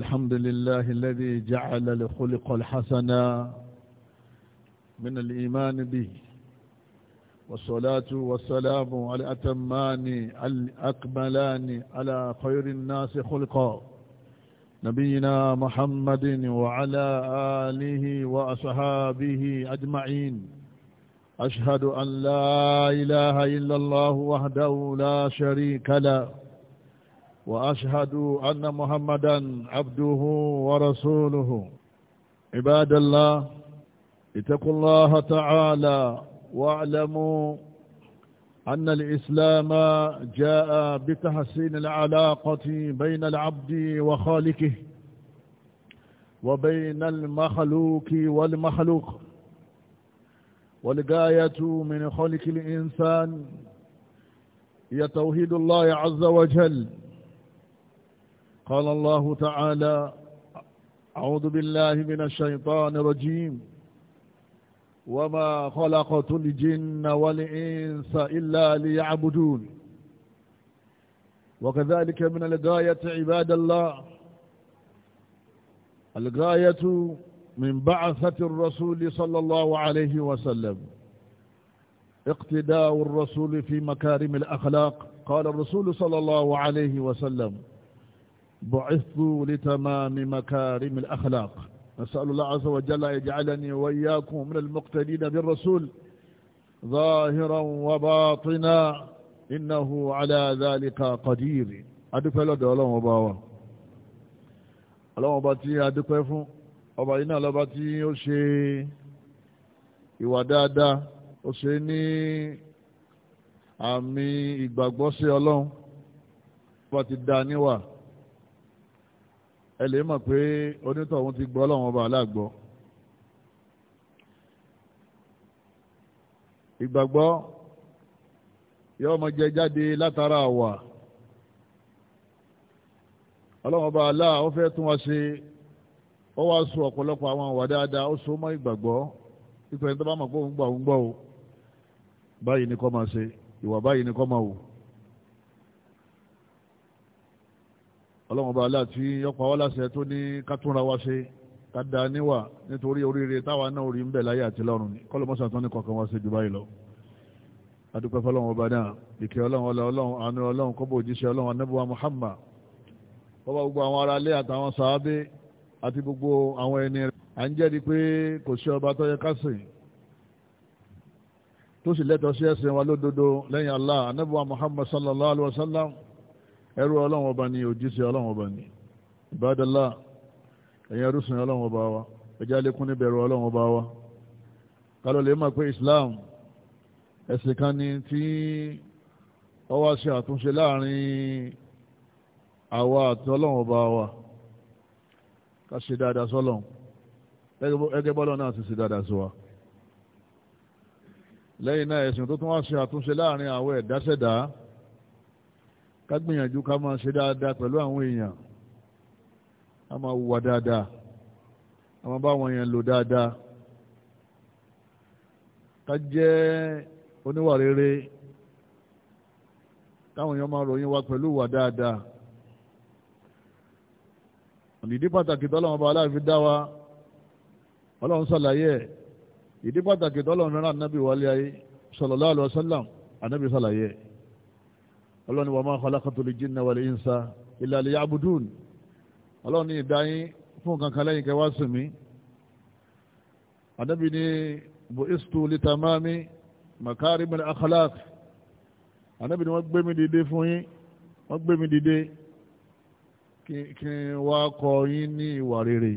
الحمد لله الذي جعل لخلق الحسنة من الإيمان به والصلاة والسلام على أتمان الأكملان على خير الناس خلقا نبينا محمد وعلى آله وأصحابه أجمعين أشهد أن لا إله إلا الله وحده لا شريك له وأشهد أن محمدا عبده ورسوله عباد الله اتقوا الله تعالى واعلموا أن الإسلام جاء بتحسين العلاقة بين العبد وخالقه وبين المخلوق والمخلوق والغاية من خلق الإنسان هي توحيد الله عز وجل قال الله تعالى أعوذ بالله من الشيطان الرجيم وما خلقت الجن والإنس إلا ليعبدون وكذلك من الغاية عباد الله الغاية من بعثة الرسول صلى الله عليه وسلم اقتداء الرسول في مكارم الأخلاق قال الرسول صلى الله عليه وسلم بعثت لتمام مكارم الأخلاق نسأل الله عز وجل يجعلني وإياكم من المقتدين بالرسول ظاهرا وباطنا إنه على ذلك قدير أدفع لدى الله وباوة الله وباتي أدفع فن الله باتي وشي ìwàdáadáa ó ṣe ní àmì ìgbàgbọ́sí ọlọ́run bá ti dá níwàá ẹ lè mọ̀ pé onítọ̀hún ti gbọ́ ọlọ́run ọba aláàgbọ́ ìgbàgbọ́ yóò máa jẹ jáde látara àwà ọlọ́run ọba aláà ó fẹ́ tún wá ṣe ó wá so ọ̀pọ̀lọpọ̀ àwọn àwà dáadáa ó so mọ́ ìgbàgbọ́ ìpẹ́ni tó bá mọ̀ pé òun gbà òun gbọ́ o báyìí ni kó máa ṣe ìwà báyìí ni kó máa wò. ọlọ́run ọba aláàtí yọpa wá láṣẹ tó ní kátúnra wá ṣe kádà níwà nítorí oríire táwa náà rí ń bẹ̀ láyé àti lọ́run kọ́lọ́mọ́sà tó ní kọ̀ọ̀kan wá ṣe jù báyìí lọ adúpẹ́ fọlọ́run ọba náà ìkẹ́ ọlọ́run ọlọ́ ọlọ́run àánú ọlọ́run kọ́bọ̀ òjíṣẹ́ ọlọ́run anábùwà Muhammad ọba gbogbo àwọn ará ilé àtàwọn sàábé àti gbogbo àwọn ẹni rẹ̀ à ń jẹ́rìí pé kò sí ọba tó yẹ ká sìn tó sì lẹ́tọ̀ọ́ sí ẹ̀sìn wa lódodo lẹ́yìn Allah anábùwà Muhammad sallallahu alayhi wa sallam ẹrú ọlọ́run ọba ni òjíṣẹ́ ọlọ́run ọba ni ìbádọ́lá ẹ̀yìn ẹrúsìn ọlọ́run ọba wa ẹjá lékún níbẹ̀rù ọlọ́run ọba wa kálọ̀ lè máa pé Islam ẹ̀sìn kan ni tí ó wá ṣe àtúnṣe láàrin àwa àti ọlọ́run ọba wa ká ṣe dáadáa sọ́lọ́run ẹgẹ́ bọ́lọ́ náà sì ṣe dáadáa sí wa lẹ́yìn náà ẹ̀sìn tó tún wá ṣe àtúnṣe láàrin àwa ẹ̀dá ká gbìyànjú ká máa ṣe dáadáa pẹ̀lú àwọn èèyàn a máa wùwà dáadáa a máa bá àwọn èèyàn lò dáadáa ká jẹ́ oníwà rere táwọn èèyàn máa ròyìn wa pẹ̀lú ìwà dáadáa ìdí pàtàkì tọ́lọ́run ọba aláàfin fi dá wa ọlọ́run ṣàlàyé ẹ̀ ìdí pàtàkì tọ́lọ́run rárá ànábì wálé ayé sallallahu alaihi wasallam ànábì ṣàlàyé ọlọ́run ni wa ma khalaqtu al-jinna wal-insa illa liya'budun ọlọ́run ni ìdáyín fún kankan lẹ́yìn kẹwàá sùn mí ànábì ni bu'istu li tamami makarim al-akhlaq ànábì ni wọ́n gbé mi dìde fún yín wọ́n gbé mi dìde kí n wá kọ́ yín ní ìwà rere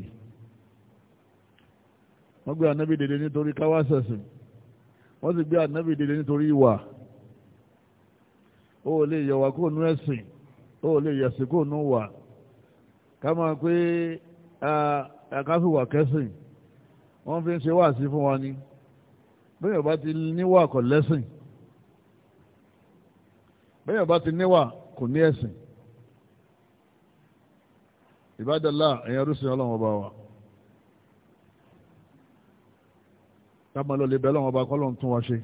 wọ́n gbé ànábì dìde nítorí káwá sẹ̀sìn wọ́n sì gbé ànábì dìde nítorí ìwà ó lè yọ wá kó nu ẹ̀sìn ó lè yẹ̀sìn kó nu wà ká máa pé àkáfíwà kẹ́sìn wọ́n fi ń ṣe wáàsí fún wa ni bẹ́ẹ̀ bá ti níwà kò lẹ́sìn bẹ́ẹ̀ bá ti níwà kò ní ẹ̀sìn ìbádọ́lá ẹ̀yàn rúṣin ọlọ́run ọba wa ká máa lọ lè bẹ́ ọlọ́run ọba kọ́lọ́run tún wa ṣe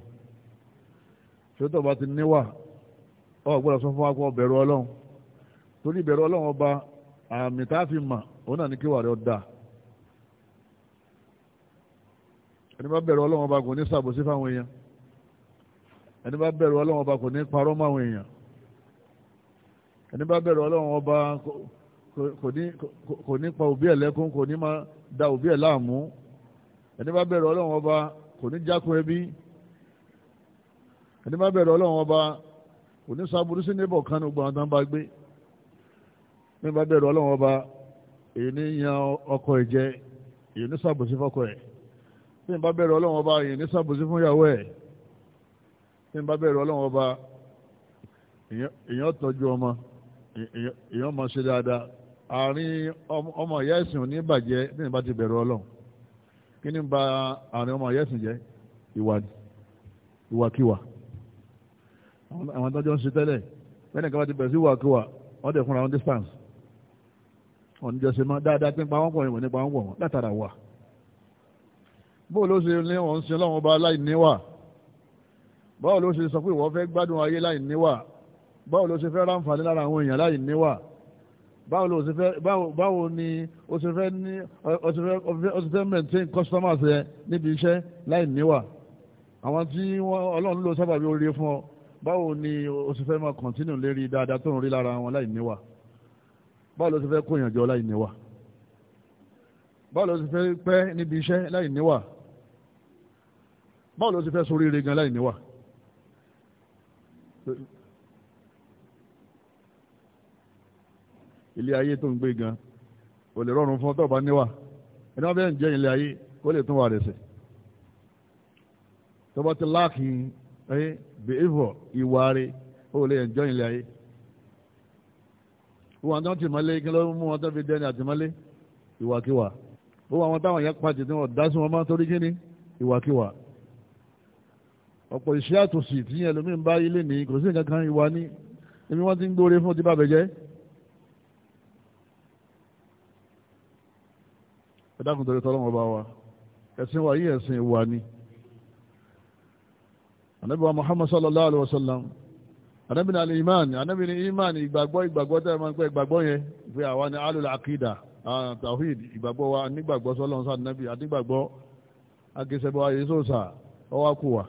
ṣé tó bá ti níwà ọ gbọ́dọ̀ sọ fún wa kó bẹ̀rù ọlọ́run torí bẹ̀rù ọlọ́run ọba àmì tá a fi mà òun náà ní kí wàá rẹ ọ̀dà ẹni bá bẹ̀rù ọlọ́run ọba kò ní ṣàbòsí fáwọn èèyàn ẹni bá bẹ̀rù ọlọ́run ọba kò ní parọ́ máwọn èèyàn ẹni bá bẹ̀rù ọlọ́run ọba kò ní pa òbí ẹ̀ lẹ́kún kò ní máa da òbí ẹ̀ láàmú ẹni bá bẹ̀rù ọlọ́run ọba kò ní jákun ẹbí ẹni bá bẹ̀rù ọlọ́run ọba kò ní sábúrú sí níbọ̀ kan ní gbọ́n tán bá gbé ní bá bẹ̀rù ọlọ́wọ́n ọba èyí ní yan ọkọ ẹ̀ jẹ èyí ní sábòsí fọkọ ẹ̀ ní bá bẹ̀rù ọlọ́wọ́n ọba èyí ní sábòsí fún ìyàwó ẹ̀ ní bá bẹ̀rù ọlọ́wọ́n ọba èyàn tọ́jú ọmọ èyàn máa ṣe dáadáa àárín ọmọ ìyá ẹ̀sìn ò ní bàjẹ́ ní ìbá ti bẹ̀rù ọlọ́run kí ni ba àárín ọmọ ìyá ẹ̀sìn jẹ́ ìwà ìwàkiwà àwọn tọ́jọ́ ń ṣe tẹ́lẹ̀ bẹ́ẹ̀ni kan bá ti bẹ̀rẹ̀ sí wàkíwà wọ́n dẹ̀ fúnra wọn distance wọ́n níjọ ṣe mọ́ dáadáa tí ń pa wọ́n pọ̀ ìwọ̀n nípa wọ́n pọ̀ wọ́n látara wà bó ló ṣe ní wọ́n ń ṣe lọ́wọ́n bá láì níwà báwo ló ṣe sọ pé ìwọ́n fẹ́ gbádùn ayé láì níwà báwo ló ṣe fẹ́ ráǹfààní lára àwọn èèyàn láì níwà báwo ni o ṣe fẹ́ ní o ṣe fẹ́ maintain customers rẹ níbi iṣẹ́ láì níwà àwọn tí Ọlọ́run ló sábàbí oore fún ọ báwo ni o sì fẹ́ máa kọ̀ntínú lérí dáadáa tó ń rí lára wọn láì níwà báwo ló sì fẹ́ kó ìyànjọ láì níwà báwo ló sì fẹ́ pẹ́ níbi iṣẹ́ láì níwà báwo ló sì fẹ́ sórí ire gan láì níwà. ilé ayé tó ń gbé gan ò lè rọrùn fún ọ tó bá níwà ẹni wọn bẹ́ẹ̀ ń jẹ́ ilé ayé kó lè tún wà rẹ̀ sẹ̀ tó bá ti láàkì ẹ bèèvọ̀ ìwà rẹ̀ ó lè ẹ̀jọ́ ilẹ̀ ayé wọn tó ti mọ́lé kí ló mú wọn tó fi dẹni àtìmọ́lé ìwàkiwà ó wà wọn táwọn yẹn pàtì tí wọn dá sí wọn máa torí kí ni ìwàkiwà ọ̀pọ̀ ìṣẹ́ àtòsí tí ẹlòmíì ń bá ilé ní kò sí nǹkan kan ìwà ní ibi wọ́n ti ń gbóore fún ti bàbẹ̀ jẹ́ ẹ̀dákùn torí tọ́lọ́mọba wa ẹ̀sìn wa yí ẹ̀sìn ìwà ni ànábì wa muhammad sallallahu alaihi wa sallam ànábì ní al-iman ànábì ní iman ìgbàgbọ́ ìgbàgbọ́ tẹ́ máa ń pẹ́ ìgbàgbọ́ yẹn pé àwa ni alul aqida tawhid ìgbàgbọ́ wa nígbàgbọ́ sọ́lọ́n sáà nẹ́bí àdígbàgbọ́ agẹsẹ̀bọ́ ayé sóòsà ọwá kù wà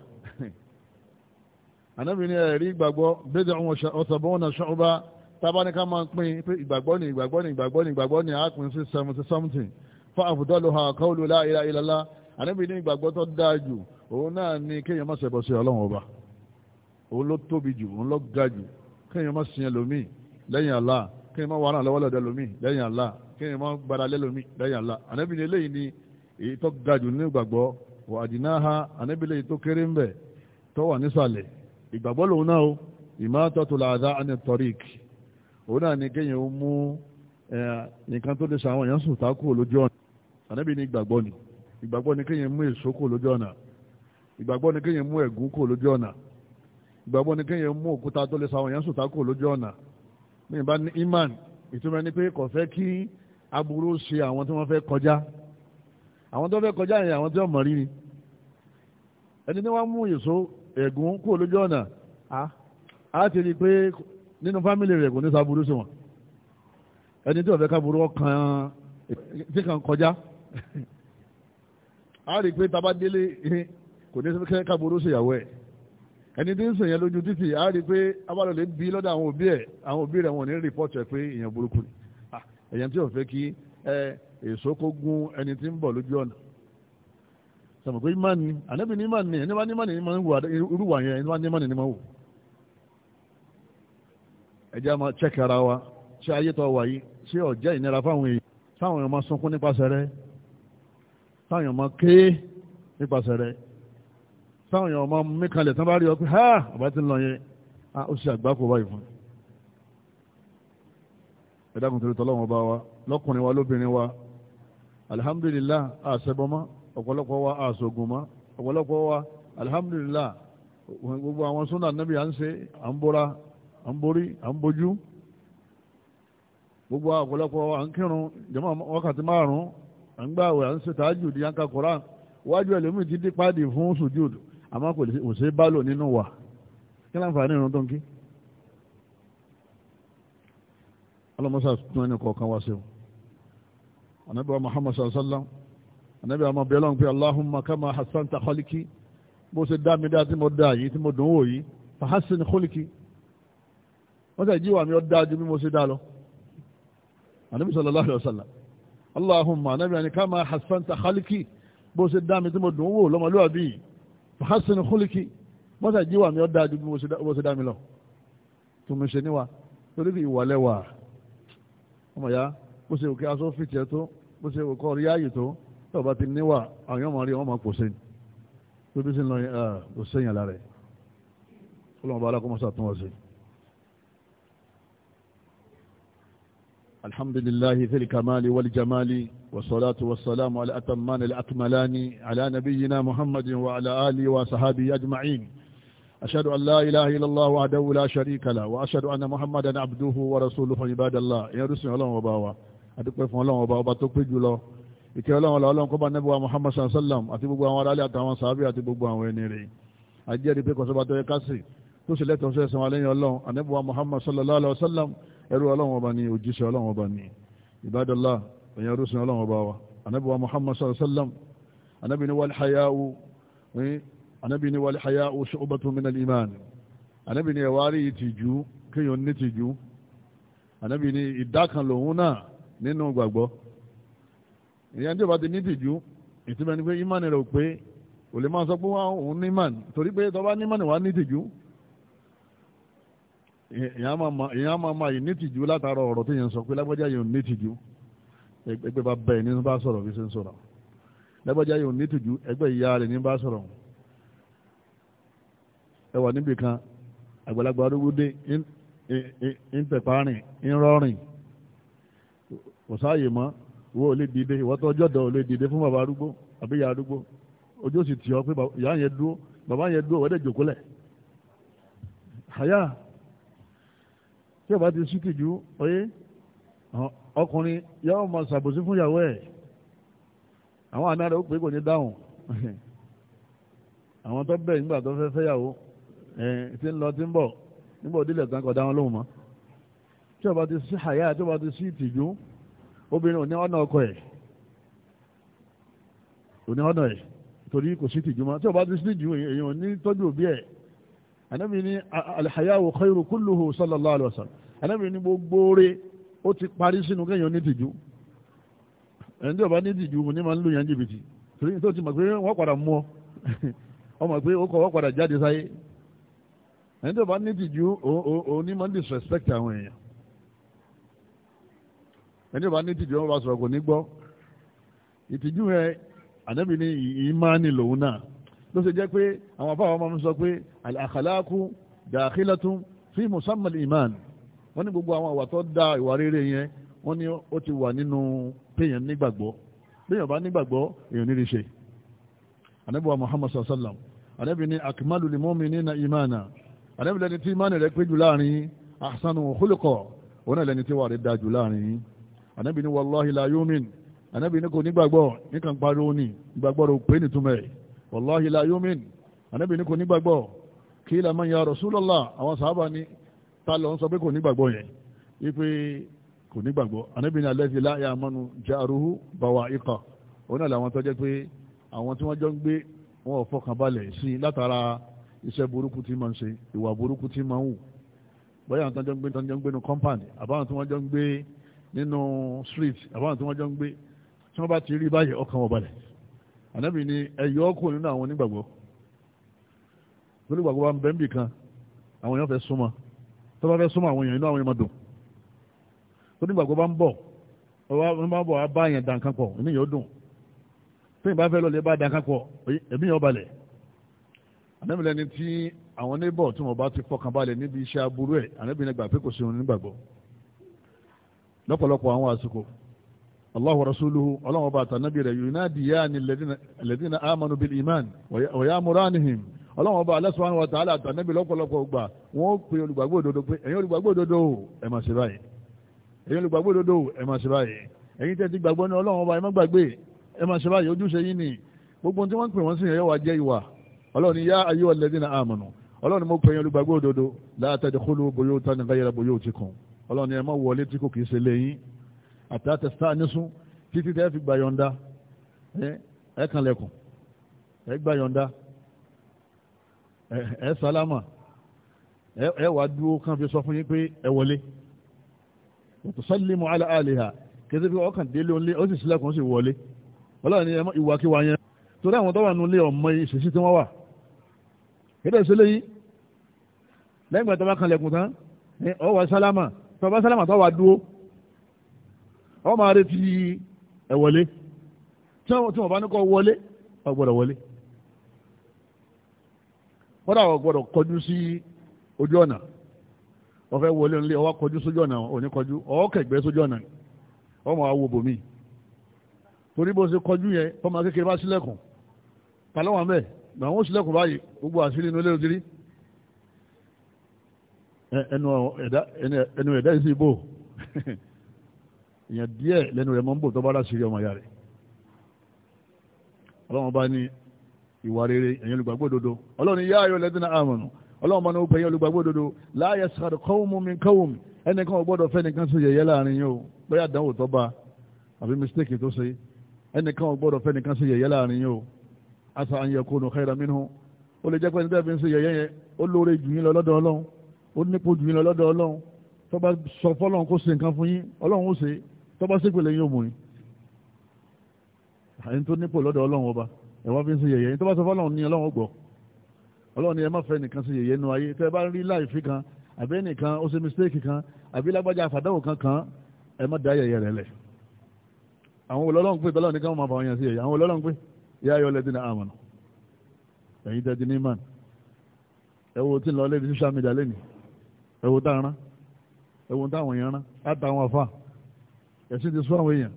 ànábì ní ẹ̀rí ìgbàgbọ́ bẹ́ẹ̀ ọ̀sọ̀bọ́n náà ṣọ́ọ́bá tábánikà máa ń pín pé ìgbàgbọ́ ni ìgbàgbọ́ ni ìgbàgbọ́ ni ànábì ní ìgbàgbọ́ tó dáa jù òun náà ni kéèyàn má ṣẹbọ sí ọlọ́run ọba òun ló tóbi jù òun ló ga jù kéèyàn má sin ẹlòmíì lẹ́yìn Allah kéèyàn má wàhánà lọ́wọ́ lọ́dọ̀ ẹlòmíì lẹ́yìn Allah kéèyàn má gbára lẹ́lòmíì lẹ́yìn Allah ànábì ní eléyìí ni èyí tó ga jù ní ìgbàgbọ́ wà àdínáha ànábì léyìí tó kéré ń bẹ̀ tó wà nísàlẹ̀ ìgbàgbọ́ lòun náà o ìmáàtọ́tò làdá àni ni kéèyàn ó mú eh, nǹkan tó lè ṣàwọn èèyàn sùn tá kúrò lójú ọ̀nà ìgbàgbọ́ ni kéèyàn mú èso kò lójú ọ̀nà ìgbàgbọ́ ni kéèyàn mú ẹ̀gún kò lójú ọ̀nà ìgbàgbọ́ ni kéèyàn mú òkúta tó lè sa àwọn èèyàn sùn tákò lójú ọ̀nà ní ìbá ní iman ìtumọ̀ ni pé kò fẹ́ kí aburú ṣe àwọn tí wọ́n fẹ́ kọjá àwọn tó fẹ́ kọjá yẹn àwọn tí wọ́n mọ̀ rí ni ẹni tí wọ́n mú èso ẹ̀gún kò lójú ọ̀nà á ti rí i pé nínú fámìlì rẹ̀ kò ní saburú sí wọn ẹni tí ó fẹ́ kaburú ọkàn tí kàn kọjá a rí pé taba délé kò ní káboro ṣèyàwó ẹ̀ ẹni tí ń sèyàn lójú títì a rí pé abalọ̀lẹ̀ bí lọ́dọ̀ àwọn òbí ẹ̀ àwọn òbí rẹ̀ wọ́n ní rìpọ́tù ẹ̀ pé èèyàn burúkú ni èèyàn tí ò fẹ́ kí èso kó gún ẹni tí ń bọ̀ lójú ọ̀nà sọ̀rọ̀ pé ìmánì ànábì ní ìmánì ẹni bá ní ìmánì ní máa ń wù irúwà yẹn ẹni bá ní ìmánì ní máa wù ẹjẹ́ a máa chẹ́kẹ̀ ara wa ṣé ayé tó wà yìí ṣé ọ̀jẹ́ ìnira fáwọn èèyàn táwọn èèyàn máa sunkún nípasẹ̀ rẹ̀ táwọn èèyàn mọ ké nípasẹ̀ rẹ̀ táwọn èèyàn mọ mí kalẹ̀ tán bá rí ọ pé ha ọba ti ń lọ yẹn a ah, ó ṣe àgbákò báyìí fún ẹ dákun torí tọ́lọ́wọ́n bá wa lọ́kùnrin wa lóbìnrin wa alhamdulillah àṣẹbọmọ ọ̀pọ̀lọpọ̀ wa àṣògùnmọ́ ọ̀pọ̀lọpọ̀ wa alhamdulillah gbogbo àwọn súnà nábì à ń ṣe à ń bóra à ń borí à ń bojú gbogbo ọ̀pọ̀lọpọ̀ à ń kírun jàmá wákàtí márùn-ún à ń gbàwẹ̀ à ń ṣe tààjù di yanka koran wájú ẹlòmíì ti dí páàdì fún sùjúdù àmọ́ kò ṣe bá lò nínú wà kí láǹfààní ìrun tó ń kí. ọlọ́mọṣà tún ẹni kọ̀ọ̀kan wá sí o anabi wa muhammad sallam anabi wa mabẹ́ lọ́n pé allahumma kama hasan ta kọ́líkì bó ṣe dá mi dá tí mo dá yìí tí mo dùn wò yìí fahasin kọ́líkì wọ́n sàjíwà mi ọ́ dáa ju bí mo ṣe dá lọ anabi sallallahu alayhi wa sallam Allahumma nabi ani kama hasanta khaliki bó ṣe dá mi tí mo dùn wò lọ́mọlúwàbí hassan khuliki mọ́sà jíwà mi ó dáa ju bó ṣe dá mi lọ tó mi ṣe níwà torí bí ìwàlẹ́wà ọmọ ya bó ṣe òkè aṣọ fìtì ẹ tó bó ṣe òkè ọrí ààyè tó tó bá ti níwà àwọn ọmọ rí wọn máa pò sẹ́yìn tó sí ń lọ sẹ́yìn ah, lára ẹ̀ ọlọ́mọba alákọ̀ọ́mọṣà tún wọ́n sí الحمد لله في الكمال والجمال والصلاة والسلام على أتمان الأكملان على نبينا محمد وعلى آله وصحابه أجمعين أشهد أن لا إله إلا الله وحده لا شريك له وأشهد أن محمد عبده ورسوله عباد الله يا رسول الله وباوة أدوكم فون الله وباوا باتوكم جلو ìkẹ́ ọlọ́run ọlọ́run الله bá nẹ́bùwà Muhammad sallam àti gbogbo àwọn aráàlẹ́ àtàwọn sàábì àti gbogbo àwọn ẹni rẹ̀ ajẹ́rìí pé kọ̀sọ́bà tó yẹ ká sí tó sì lẹ́tọ̀ọ́sẹ̀ sàn wà lẹ́yìn ọlọ́run ànẹ́bùwà Muhammad ẹrú ọlọ́run ọba ni òjíṣẹ́ ọlọ́run ọba ni ìbádọ́lá ẹ̀yàn rúṣin ọlọ́run ọba wa anábì wa muhammad sallallahu alaihi wasallam anábì ni wal haya'u anábì ni wal haya'u shu'batun min al-iman anábì ni ẹ̀wárí ìtìjú kéèyàn ní ìtìjú anábì ni ìdá kan lòun náà nínú gbàgbọ́ ìyẹn tí o bá ti ní ìtìjú ìtìbẹ́ni pé ìmánì rẹ̀ ò pé ò máa sọ pé wọ́n ní ìmánì torí pé tó ní ìmánì wà ní ìtìjú ìyá máa ma yìí nítìjú látara ọ̀rọ̀ tí yẹn sọ pé lágbájá yìí ò nítìjú ẹgbẹ́ bá bẹ́ẹ̀ ní bá sọ̀rọ̀ fi ṣe ń sọ̀rọ̀ lágbájá yìí ò nítìjú ẹgbẹ́ ìyá rẹ̀ ní bá sọ̀rọ̀ ẹ wà níbì kan àgbàlagbà ń ń rọrìn kò sáàyè mọ́ ò lè dìde tó ọjọ́ dọ̀ ò lè dìde fún bàbá arúgbó àbí ìyá arúgbó ojú ò sì tì ọ pé ìyá yẹn dúró bàbá yẹn dúró tí ọba ti sítìjú oyé ọkùnrin yóò máa ṣàbòsí fún ìyàwó ẹ̀ àwọn àna rẹ̀ ó pé kò ní dáhùn àwọn tó bẹ̀ nígbà tó fẹ́ fẹ́yàwó tí ń lọ tí ń bọ̀ nígbà òdílẹ̀ tán kọ̀ dá wọn lóhùn mọ́ tí ọba ti sí àyà tí ọba ti sí ìtìjú obìnrin ò ní ọ̀nà ọkọ ẹ̀ ò ní ọ̀nà ẹ̀ torí kò sí ìtìjú mọ́ tí ọba ti sí ìtìjú èèyàn ò ní tọ́jú òbí ẹ̀ ànábì ní alhayahu khairu kulluhu sallallahu alaihi wasallam ànábì ní gbogbo rẹ̀ o ti pari sínú kéèyàn ní tìjú ẹni ọba ó bá ní tìjú kò ń lù yàn jìbìtì torí tó ti pé padà mú ọ ọmọ pé ó kọ̀ padà jáde sáyé ẹni ní ń disrespect àwọn èèyàn ẹni wọn bá kò ní ìtìjú yẹn ìmánì lòun ló ṣe jẹ́ pé àwọn afáwọn ọmọ sọ pé àkàlákù dàkílàtún fi musamman iman wọ́n ní gbogbo àwọn àwà tó dá ìwà rere yẹn wọ́n ní ó ti wà nínú péyàn nígbàgbọ́ péyàn bá nígbàgbọ́ èèyàn ní ríṣe anábíwá muhammad sallam anábí ní akimalu limomi nínà imana anábí lẹni tí imani rẹ pé jù láàrin ahsanu khuluqa òun náà lẹni tí wà rẹ da jù láàrin anábí ní wallahi la anábí ní kò nígbàgbọ́ níkan pariwo ní ìgbàgbọ́ rò pé nìtumẹ̀ wàláhì la yómin ànábì ní kò nígbàgbọ́ kí ilà máa ń ya Rasulullah àwọn sàábà ní ta lọ ń sọ pé kò nígbàgbọ́ yẹn wípé kò nígbàgbọ́ ànábì ní alẹ́ ti láyà amánu jaruhu bawa ikọ̀ òun náà làwọn tó jẹ́ pé àwọn tí wọ́n jọ ń gbé wọn ò fọkàn balẹ̀ sí i látara iṣẹ́ burúkú tí máa ń ṣe ìwà burúkú tí máa ń wù bóyá àwọn tó jọ ń gbé tó jọ ń gbé nínú company àbáwọn tí wọ́n jọ ń gbé nínú street àbáwọn tí wọ́n jọ ń gbé tí wọ́n bá ti rí báyìí ọkàn wọn balẹ̀ ànábì ni ẹ̀yọ́ kò nínú àwọn onígbàgbọ́ onígbàgbọ́ wa ń bẹ́ẹ̀ bì kan àwọn èèyàn fẹ́ súnmọ́ tó bá fẹ́ súnmọ́ àwọn èèyàn inú àwọn èèyàn máa dùn onígbàgbọ́ bá ń bọ̀ wọ́n bá ń bọ̀ wá bá èèyàn dàn kan pọ̀ inú yóò dùn tóyìn bá fẹ́ lọ lè bá dàn kan pọ̀ ẹ̀mí yóò balẹ̀ ànábì lẹni tí àwọn oníbọ̀ tí wọ́n bá ti fọkàn balẹ̀ níbi iṣẹ́ aburú ẹ̀ ànábì Allahu ورسوله Ọlọ́run ọba àtànábì rẹ̀ yunadiyani الذين amanu bil iman wa yamuranihim Ọlọ́run ọba Allah subhanahu wa ta'ala àtànábì lọ́pọ̀lọpọ̀ gbà wọ́n pe olùgbàgbọ́ òdodo pé ẹ̀yin olùgbàgbọ́ òdodo ẹ máa ṣe báyìí ẹ̀yin olùgbàgbọ́ òdodo ẹ máa ṣe báyìí ẹ̀yin tẹ́ ti gbàgbọ́ ní Ọlọ́run ọba ẹ má gbàgbé ẹ máa ṣe báyìí ojúṣe yín ni gbogbo tí wọ́n pè wọ́n sí ẹ̀yọ́ wa jẹ́ ìwà Ọlọ́run àtàtẹ̀sá nísún títí tẹ́ fi gbà yọ̀ǹda ẹ kànlẹ̀kùn ẹ gbà yọ̀ǹda ẹ sálámà ẹ wà dúró kàn fi sọ fún yín pé ẹ wọlé ètò sálímù ala àlèhà kéde bí ọkàn délé òun lé ó sì sílẹ̀kùn ó sì wọlé ọlọ́run ni ìwàkiwà yẹn torí àwọn tó wà nínú ọmọ ìṣesí tí wọ́n wà kéde ìṣẹ̀lẹ̀ yìí lẹ́yìn tó bá kànlẹ̀kùn tán ọ wà sálámà tó bá sálámà tó wà dúró ọ máa retí ẹ wọlé tí wọ́n bá ní kọ́ wọlé ọ gbọ́dọ̀ wọlé wọ́n dà wọ́n gbọ́dọ̀ kọjú sí ojú ọ̀nà wọ́n fẹ́ wọlé nílé ọwọ́ kọjú sójú ọ̀nà òní kọjú ọwọ́ kẹgbẹ́ sójú ọ̀nà wọ́n máa wo bòmí torí bó ṣe kọjú yẹn wọ́n máa kékeré bá sílẹ̀kùn pàlọ́wọ̀n bẹ́ẹ̀ gbàgbọ́n ó sílẹ̀kùn báyìí gbogbo àṣírí inú ilé òdiri ẹnu ẹ̀dá ẹnu ẹ̀dá ìsìn ìbò èèyàn díẹ̀ lẹ́nu rẹ̀ mọ́ ń bò tó bá láṣìírí ọmọ ìyá rẹ̀ ọlọ́run bá ní ìwà rere ẹ̀yin olùgbàgbọ́ òdodo ọlọ́run ní yá ayọ̀ lẹ́dínà àmọ̀nù ọlọ́run bá ní ọ̀pẹ̀ ẹ̀yin olùgbàgbọ́ òdodo láàyè sàdù kọ́wùmù mi kọ́wùmù ẹnìkan ò gbọ́dọ̀ fẹ́nìkan sí yẹ̀yẹ́ láàrin yóò bóyá àdánwò tó bá àbí mistake tó ṣe ẹnìkan ò gbọ́dọ̀ fẹ́nìkan sí yẹ̀yẹ́ láàrin yóò asa an yakunu khayran ó lè jẹ́ pé níbẹ̀ tó bá sọ fọ́lọ́run ṣe nǹkan tọ́ba sípèlè yóò mú yín àyín tó nípò lọ́dọ̀ ọlọ́run ọba ẹ̀wọ́n fi ń ṣe yẹ̀yẹ́ tó bá sọ fọ́lọ́run ní ọlọ́run gbọ́ ọlọ́run ni ẹ má fẹ́ nìkan ṣe yẹ̀yẹ́ nu ayé tẹ́ bá rí láìfi kan àbí ẹnìkan ó ṣe mistake kan àbí lágbájá àfàdáwò kan kan ẹ má da yẹ̀yẹ́ rẹ̀ lẹ̀ àwọn olólọ́run pé tọ́lọ́run nìkan máa fà wọ́n yẹn sí yẹ̀yẹ́ àwọn olólọ́run pé yá ayọ́ lẹ́dí ní àmọ̀nà ẹ̀yin tẹ́ di ní man ẹ wo tí ń lọ lé social media lẹ́nu ẹ wo tá a rán ẹ wo táwọn yẹn rán á ta àwọn àfáà ẹ̀sìn ti sún àwọn èèyàn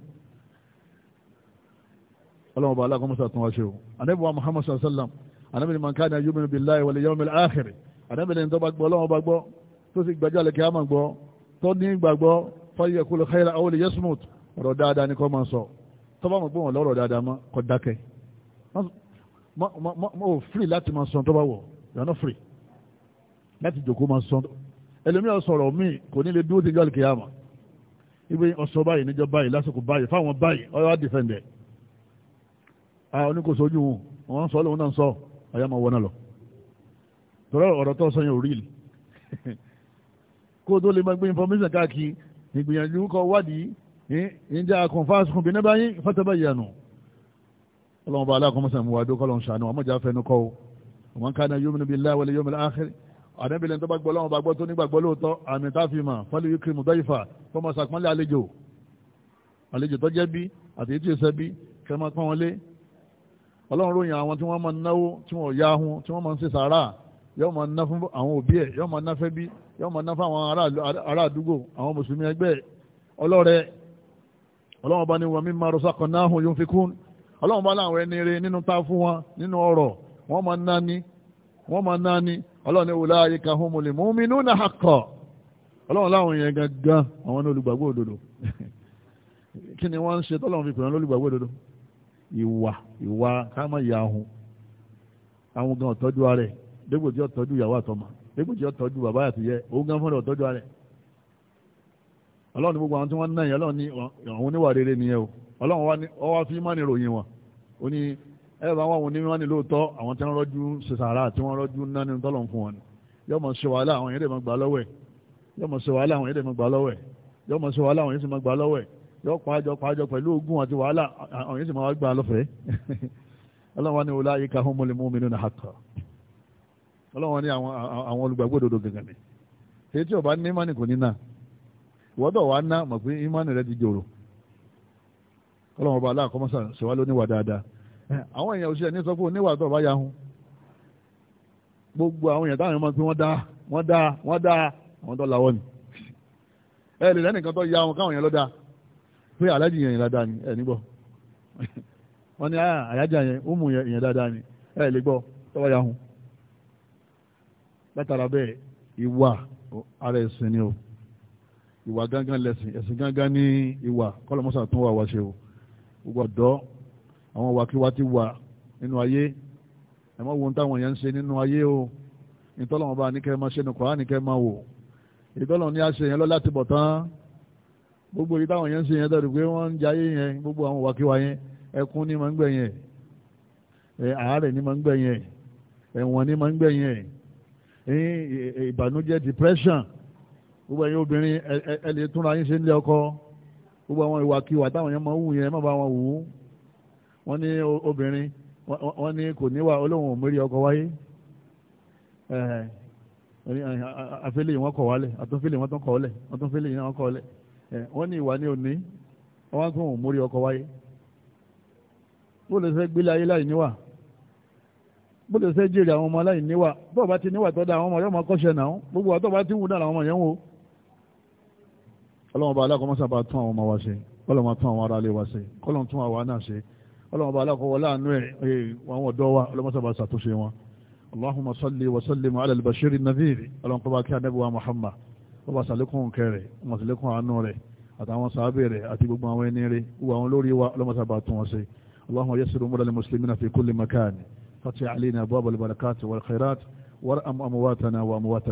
ọlọ́run ọba aláàkọ́mọ́sá tún wá ṣe o anábìwá muhammad sallam anábìwá man kana yu'minu billahi wal yawmil akhir anábìwá ẹni tó bá gbọ́ ọlọ́run ọba gbọ́ tó sì gbàjọ́ àlẹ́ kíá máa gbọ́ tó ní gbàgbọ́ falyaqul khayra aw liyasmut ọ̀rọ̀ dáadáa ni kó máa sọ tó bá mọ̀ pé wọn lọ́rọ̀ dáadáa mọ́ kó dákẹ́ mo ò free láti máa sọ tó bá wọ̀ yàrá náà free láti jòkó máa sọ ẹlòmíràn sọ̀rọ̀ míì kò ní lè dúró ti jọ́ kíá máa ibi ọ̀sọ̀ báyìí níjọ báyìí lásìkò báyìí fáwọn báyìí ọ̀yọ́ á dìfẹ̀ǹdẹ̀ oníkòsó ojú wọn wọn sọ lóun náà sọ ọ̀yá máa wọná lọ tọ́lá ọ̀rọ̀ tó sọ yẹn ò rí ìlú tó lè máa gbé information káàkiri ìgbìyànjú kọ wádìí ìjà kọ̀ǹfàṣùkùn bí ní báyìí fọ́tẹ́bẹ̀yẹ̀nù ọlọ́run bá aláàkọ́mọ́sàn mú wa dókọ́ lọ́n ṣàánú àmọ́jà fẹ́nu kọ́ wọn ká náà yóò mú níbi láwọlé yóò mú láàkiri àdẹ́bìnrin tó bá gbọ́ lọ́wọ́ bá gbọ́ tó nígbàgbọ́ lóòótọ́ àmì táfìmà fọ́lì yukrim dọ́ìfà fọ́mọ sàpọ́nlé àlejò àlejò tó jẹ́ bí àti ètò ìṣẹ́ bí kẹ́ máa pọ́n wọlé ọlọ́run ròyìn àwọn tí wọ́n máa náwó tí wọ́n ya ahun tí wọ́n máa ń ṣe sàárà yóò máa ná fún àwọn òbí ẹ̀ yóò máa ná fẹ́ bí yóò máa ná fún àwọn ará àdúgbò àwọn mùsùlùmí ẹgbẹ́ ọlọ́rẹ̀ ọlọ́run bá ní wọn mímọ rọ́sàkọ̀ náà hùn yóò fi kún ọlọ́run bá láwọn ẹni rẹ nínú tá fún wọn nínú ọ̀rọ̀ wọ́n máa ná ni wọ́n máa ná ni ọlọ́run ní wùlá ayé kan humul mu'minuna haqqan ọlọ́run láwọn yẹn gangan àwọn ní olùgbàgbọ́ òdodo kí ni wọ́n ń ṣe tọ́lọ́run fi pè wọ́n lólùgbàgbọ́ òdodo ìwà ìwà kámọ́ ìyá ahun àwọn gan ọ̀tọ́jú rẹ̀ dégbò tí ọ̀tọ́jú ìyàwó àtọmọ dégbò tí ọ̀tọ́jú bàbá àtìyẹ òun gan fúnra ọ̀tọ́jú rẹ̀ ọlọ́run gbogbo àwọn tí wọ́n ń náyìn ọlọ́run ní àwọn oníwà rere nìyẹn o ọlọ́run wá fi mọ́ni ròyìn wọn ó ní ẹ̀rọ àwọn àwọn onímọ̀ ní lóòótọ́ àwọn tí wọ́n rọ́jú ṣèṣàrà tí wọ́n rọ́jú nánú tọ́lọ̀ fún wọn yóò mọ̀ ṣe wàhálà àwọn yẹ́dẹ̀ mọ̀ gbà lọ́wọ́ ẹ̀ yóò mọ̀ ṣe wàhálà àwọn yẹ́dẹ̀ mọ̀ gbà lọ́wọ́ ẹ̀ yóò mọ̀ ṣe wàhálà àwọn yẹ́dẹ̀ mọ̀ gbà lọ́wọ́ yóò pàjọ pàjọ pẹ̀lú ogun àti wàhálà àwọn yẹ́dẹ̀ mọ̀ gbà lọ́fẹ̀ẹ́ ọlọ́wọ́n ni ulaika humul mu'minuna haqqan ọlọ́wọ́n ni àwọn olùgbàgbọ́ òdodo ni èyí tí ò bá ní ìmánì kò ní náà ìwọ́dọ̀ wa ná mọ̀ pé àwọn èèyàn òṣìṣẹ́ ní sọ pé oníwà tó bá ya hun gbogbo àwọn èèyàn táwọn èèyàn máa ń pín wọ́n dá wọ́n dá wọ́n dá àwọn tó lawọ́ ni ẹ lè lẹ́nìkan tó ya wọn káwọn èèyàn ló dá pé alájì yẹn dáadáa ni ẹ nígbọ́ wọ́n ní ah, àyájà yẹn ó mú yẹn dáadáa ni ẹ lè gbọ́ tó bá ya hun látara bẹ́ẹ̀ ìwà ara ẹ̀sìn ni o ìwà gángan lẹ̀sìn ẹ̀sìn gángan ní ìwà kọ́lọ́mọ́sà tún wà wá ṣe o gbogbo àwọn wàkíwá ti wà nínú ayé ẹ̀mọ́ wo táwọn èèyàn ń ṣe nínú ayé o ìtọ́lọ́wọ́n bá ní kẹ́ máa ṣe ní kọ́ á ní kẹ́ máa wò ìtọ́lọ́wọ́n ní a ṣe yẹn lọ láti bọ̀ tán gbogbo èyí táwọn yẹn ń ṣe yẹn dẹ̀rù pé wọ́n ń jayé yẹn gbogbo àwọn wàkíwá yẹn ẹkún ní máa ń gbẹ̀yìn ẹ̀ àárẹ̀ ní máa ń gbẹ̀yìn ẹ̀ ẹ̀wọ̀n ní máa ń gbẹ̀yìn ẹ̀ ìbànújẹ́ depression gbogbo ẹ̀yin obìnrin ẹ̀ ẹ̀ lè túnra yín ṣe nílé ọkọ gbogbo àwọn ìwàkíwà táwọn yẹn máa ń wù yẹn má bá wọn wù ú wọ́n ní obìnrin wọ́n ní kò níwà olóhùn òmìnirí ọkọ wáyé àfẹ́lẹ́ wọn kọ̀ wálẹ̀ àtúnfẹ́lẹ́ wọn tó kọ̀ ọ́lẹ̀ àtúnfẹ́lẹ́ wọn kọ̀ ọ́lẹ̀ wọ́n ní ìwà ní òní wọ́n kún òmìnirí ọkọ wáyé bó lè fẹ́ gbélé ayé láì níwà bó lè fẹ́ jèrè àwọn ọmọ láì níwà bó bá ti níwà tọ́da àwọn ọmọ yóò máa kọ́ṣẹ́ náà gbogbo àtọ́ bá ti wù náà àwọn ọmọ yẹn wò ọlọ́run ọlọ́mọba aláàkọ́ wọlé àánú ẹ̀ àwọn ọ̀dọ́ wa ọlọ́mọsàbà ṣàtúnṣe wọn allahumma salli wa sallim ala al-bashir an-nadhir ọlọ́mọba kí anábì wa muhammad wọ́n bá sàlékún kẹrẹ̀ wọ́n sàlékún àánú rẹ̀ àtàwọn sàábẹ̀ rẹ̀ àti gbogbo àwọn ẹni rẹ̀ wọ́n àwọn olórí wa ọlọ́mọsàbà tún wọn ṣe allahumma yassir umura al-muslimina fi kulli makan fatih alayna abwab al-barakat wal khairat warham amwatana wa amwat